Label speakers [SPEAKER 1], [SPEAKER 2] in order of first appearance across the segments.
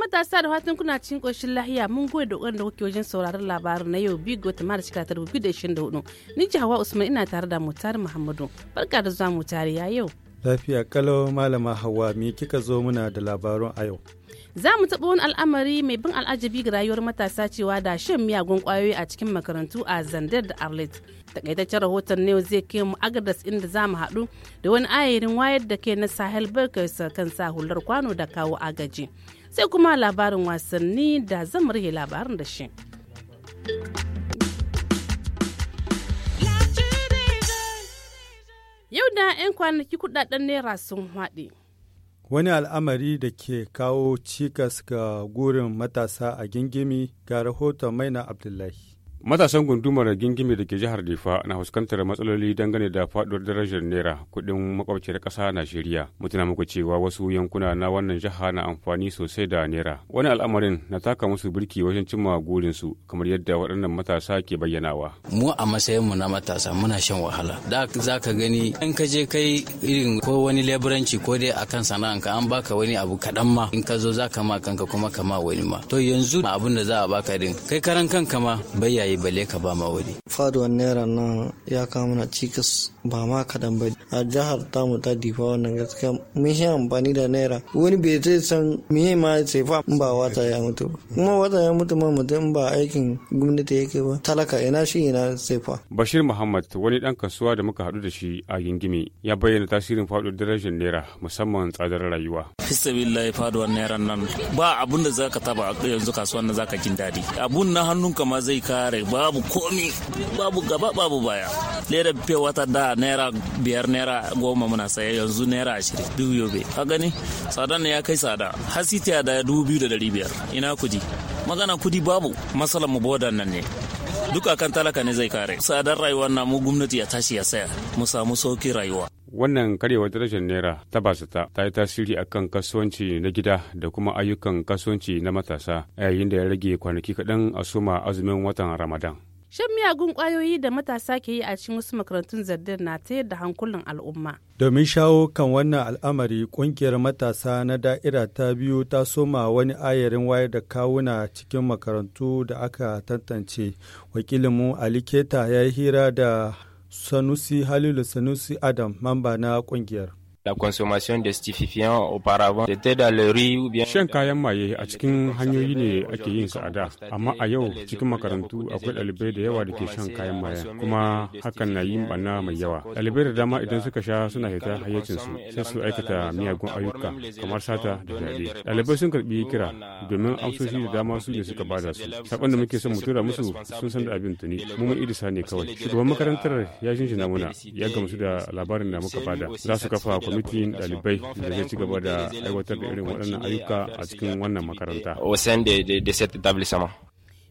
[SPEAKER 1] matasa da fatan kuna cikin koshin lahiya mun goyi da da kuke wajen sauraron labarin na yau biyu ga bi da shekara ta hudu ni jihawa usman ina tare da mutar muhammadu barka da zuwa mutari yau
[SPEAKER 2] Lafiya kalau malama hawa me kika zo muna da labarun a yau.
[SPEAKER 1] Za mu taɓa wani al'amari mai bin al'ajabi ga rayuwar matasa cewa da shan miyagun ƙwayoyi a cikin makarantu a Zandar da Arlet. Takaitaccen rahoton ne zai kai mu Agadas inda za mu haɗu da wani ayarin wayar da ke na Sahel Barkers kan sa hular kwano da kawo agaji. Sai kuma labarin wasanni da zan murhe labarin da shi. Yau da 'yan kwanaki kudaden naira sun haɗe.
[SPEAKER 2] Wani al'amari da ke kawo cikas ga gurin matasa a gingimi ga rahoton Maina Abdullahi. Matasan gundumar gingimi da ke
[SPEAKER 3] jihar Difa na fuskantar matsaloli dangane da faduwar darajar naira kudin makwabciyar kasa Najeriya. Mutuna muku cewa wasu yankuna na wannan jiha na amfani sosai da naira. Wani al'amarin na taka musu birki wajen cimma gurinsu kamar yadda waɗannan matasa ke bayyanawa. Mu a matsayin mu na matasa muna shan wahala. Da za ka gani in ka je kai irin ko wani leburanci ko dai akan sana'anka an baka wani abu kaɗan ma in ka zo za ka ma kanka kuma ka ma wani ma. To yanzu abin da za a baka din kai karan kanka ma bayyaye yi balle ka ba ma wuri.
[SPEAKER 2] faduwar naira nan ya kawo mana cikas ba ma kadan ba a jihar tamu ta difa wannan gaskiya mun shi amfani da naira wani bai zai san miye ma sai fa in ba wata ya mutu kuma wata ya mutu ma mutum ba aikin gwamnati yake ba talaka ina shi ina sai fa.
[SPEAKER 3] bashir muhammad wani dan kasuwa da muka haɗu da shi a gingimi ya bayyana tasirin faduwar darajar naira musamman tsadar rayuwa. fisabilillahi faduwar naira nan ba abun da ka taba yanzu na za ka jin daɗi abun na hannun ma zai kare kare babu komi babu gaba babu baya lera fiye wata da naira biyar naira goma muna saye yanzu naira ashirin dubu yobe ka gani tsada ne ya kai tsada siti da dubu biyu da dari biyar ina kudi magana kudi babu masala mu bodan nan ne duk akan talaka ne zai kare tsadar rayuwar namu gwamnati ya tashi ya saya mu samu sauki rayuwa Wannan karyewar darajar Naira ta basata ta yi tasiri a kan kasuwanci na gida da kuma ayyukan kasuwanci na matasa yayin da ya rage kwanaki kaɗan a suma azumin watan Ramadan.
[SPEAKER 1] Shan miyagun kwayoyi da matasa ke yi a cikin wasu makarantun zardar na ta yadda hankulan al'umma.
[SPEAKER 2] Domin shawo kan wannan al'amari ƙungiyar matasa na da'ira ta biyu ta soma wani ayarin wayar da kawuna cikin makarantu da aka tantance. Wakilinmu Ali ya yi hira da Sanusi Halilu Sanusi Adam mamba na kungiyar. la
[SPEAKER 3] consommation des stupéfiants auparavant c'était dans le riz ou bien shan kayan maye a cikin hanyoyi ne ake yin sa a da amma a yau cikin makarantu akwai ɗalibai da yawa da ke shan kayan maye kuma hakan na yin bana mai yawa ɗalibai da dama idan suka sha suna hita hayyacin su sai su aikata miyagun ayyuka kamar sata da fyaɗe ɗalibai sun karbi kira domin amsoshi da dama su ne suka bada su saƙon da muke son mu tura musu sun san da abin tuni mu mun idisa ne kawai shugaban makarantar ya shinshina muna ya gamsu da labarin da muka bada za su kafa kwamitin ɗalibai da zai ci gaba da aiwatar da irin waɗannan ayyuka a cikin wannan makaranta.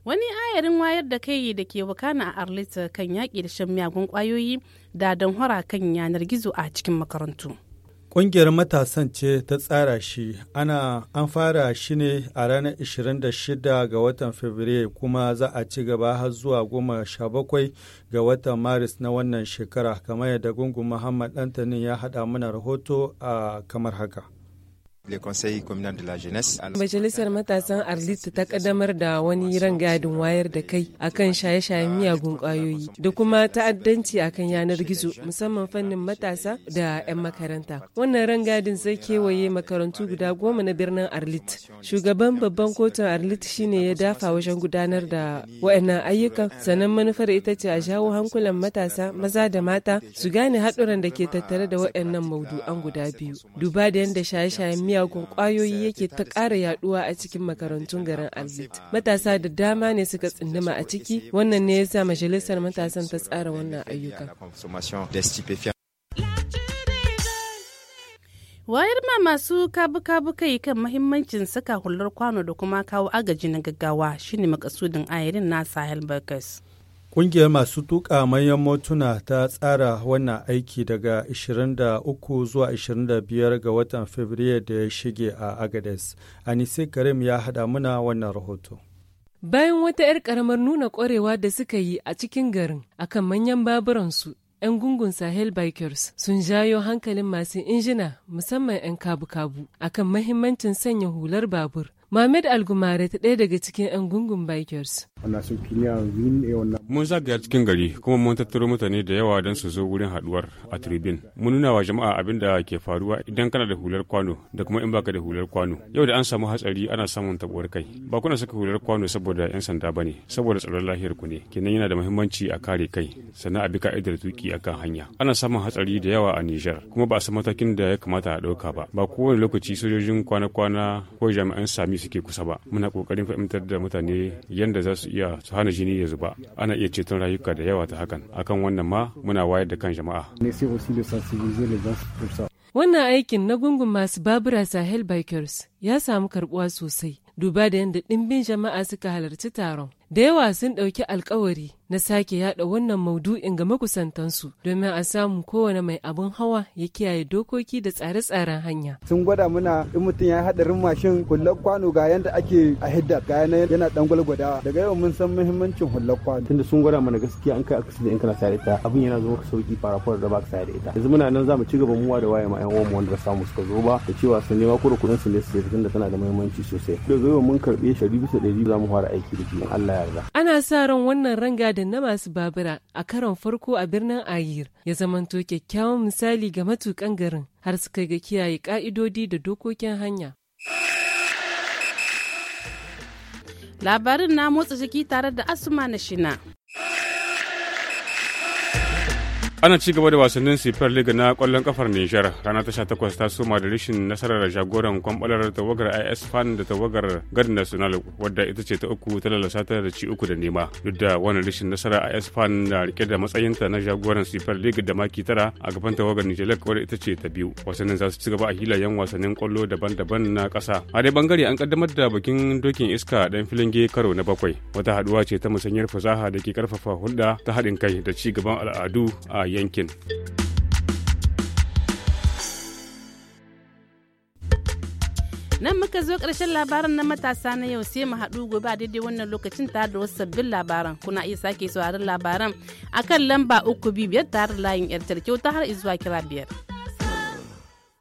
[SPEAKER 1] Wani ayarin wayar da kai da ke wakana a Arlita kan yaƙi da shan miyagun ƙwayoyi da don hora kan yanar gizo a cikin makarantu.
[SPEAKER 2] Ƙungiyar matasan ce ta tsara shi, ana an fara shi ne a ranar 26 ga watan Fabrairu kuma za a ci gaba har zuwa 17 ga watan Maris na wannan shekara, kamar yadda gungun Muhammad Dantanin ya haɗa mana rahoto a kamar haka. Majalisar
[SPEAKER 4] matasan Arlit ta kaddamar da wani rangadin wayar da kai akan shaye-shayen miyagun kwayoyi da kuma ta'addanci akan yanar gizo musamman fannin matasa da 'yan makaranta. Wannan rangadin zai kewaye makarantu guda goma na birnin Arlit. Shugaban babban kotun Arlit shine ya dafa wajen gudanar da wa'annan ayyukan sannan manufar ita ce a jawo hankulan matasa maza da mata su gane haɗuran da ke tattare da wa'annan maudu'an guda biyu. Duba da yadda shaye-shayen miyagun kwayoyi yake ta ƙara yaɗuwa a cikin makarantun garin alzit Matasa da dama ne suka tsinduma a ciki, wannan ne ya sa majalisar matasan ta tsara wannan ayyukan.
[SPEAKER 1] Wayar ma masu kabu-kabu kai kan mahimmancin saka hular kwano da kuma kawo agaji na gaggawa shine makasudin ayarin na Sahel Bakers.
[SPEAKER 2] Ƙungiyar masu tuƙa manyan motuna ta tsara wannan aiki daga 23 zuwa 25 ga watan Fabrairu da ya shige a Agades. Anise Karim ya haɗa muna wannan rahoto.
[SPEAKER 4] Bayan wata 'yar karamar nuna ƙwarewa da suka yi a cikin garin akan manyan baburansu, 'yan gungun Sahel Bikers sun jayo hankalin masu injina musamman 'yan kabu-kabu akan mahimmancin sanya hular babur Mohamed Algumare ta ɗaya daga cikin 'yan gungun bikers.
[SPEAKER 3] Mun zagaya cikin gari kuma mun tattaro mutane da yawa don su zo wurin haduwar a tribune. Mun nuna wa jama'a abin da ke faruwa idan kana da hular kwano da kuma in baka da hular kwano. Yau da an samu hatsari ana samun tabuwar kai. Ba kuna saka hular kwano saboda 'yan sanda ba ne, saboda tsaron lahiyar ku ne. Kenan yana da muhimmanci a kare kai, sannan a bi ka'idar tuki a kan hanya. Ana samun hatsari da yawa a Nijar, kuma ba a san matakin da ya kamata a ɗauka ba. Ba kowane lokaci sojojin kwana-kwana ko jami'an sami suke kusa ba muna kokarin fahimtar da mutane yadda za su iya su hana jini ya zuba ana iya ceton rayuka da yawa ta hakan akan wannan ma muna wayar da kan jama'a
[SPEAKER 4] wannan aikin na gungun masu babura sahel bikers ya samu karbuwa sosai duba da yadda dimbin jama'a suka halarci taron da yawa sun ɗauki alkawari na sake yada wannan maudu'in ga makusantansu domin a samu kowane mai abin hawa ya kiyaye dokoki da tsare-tsaren hanya.
[SPEAKER 2] Sun gwada muna in mutum ya haɗarin mashin hular kwano ga yanda ake a hidda ga yana yana dan gwalgwadawa daga yau mun san muhimmancin hular kwano. Tunda sun gwada mana gaskiya an kai
[SPEAKER 4] akasi da in kana
[SPEAKER 2] sare ta abin yana zama ka sauki fara fara da baka sare ita. Yanzu muna nan mu ci gaba muwa da waye ma ƴan uwanmu wanda samu suka zo ba da cewa sun nema kura kuɗin su ne su tunda tana da muhimmanci sosai. Daga yau mun karɓe shari bisa ɗari za mu fara aiki da shi yarda.
[SPEAKER 4] Ana sa ran wannan da na masu babura a karon farko a birnin Ayir ya zamanto kyakkyawan misali ga matukan garin har suka ga kiyaye ka'idodi da dokokin hanya.
[SPEAKER 1] Labarin na motsa jiki tare da Asuma na Shina.
[SPEAKER 3] ana ci gaba da wasannin super league na kwallon kafar nijar rana ta takwas ta soma da rashin nasarar jagoran kwamɓalar tawagar is fan da tawagar gard national wadda ita ce ta uku ta lalasa ta da ci uku da nema duk da wani rashin nasarar is fan na rike da matsayinta na jagoran super league da maki tara a gaban tawagar nijar wadda ita ce ta biyu wasannin za su ci gaba a hilayen wasannin kwallo daban-daban na ƙasa a dai bangare an kaddamar da bakin dokin iska dan filinge karo na bakwai wata haduwa ce ta musanyar fasaha da ke karfafa hulɗa ta haɗin kai da ci gaban al'adu a yankin.
[SPEAKER 1] Nan muka zo ƙarshen labaran na matasa na yau sai mu haɗu gobe a daidai wannan lokacin tare da wasu sabbin labaran. Kuna iya sake sauraron labaran akan lamba uku biyar tare da layin 'yar kyauta har izuwa kira biyar.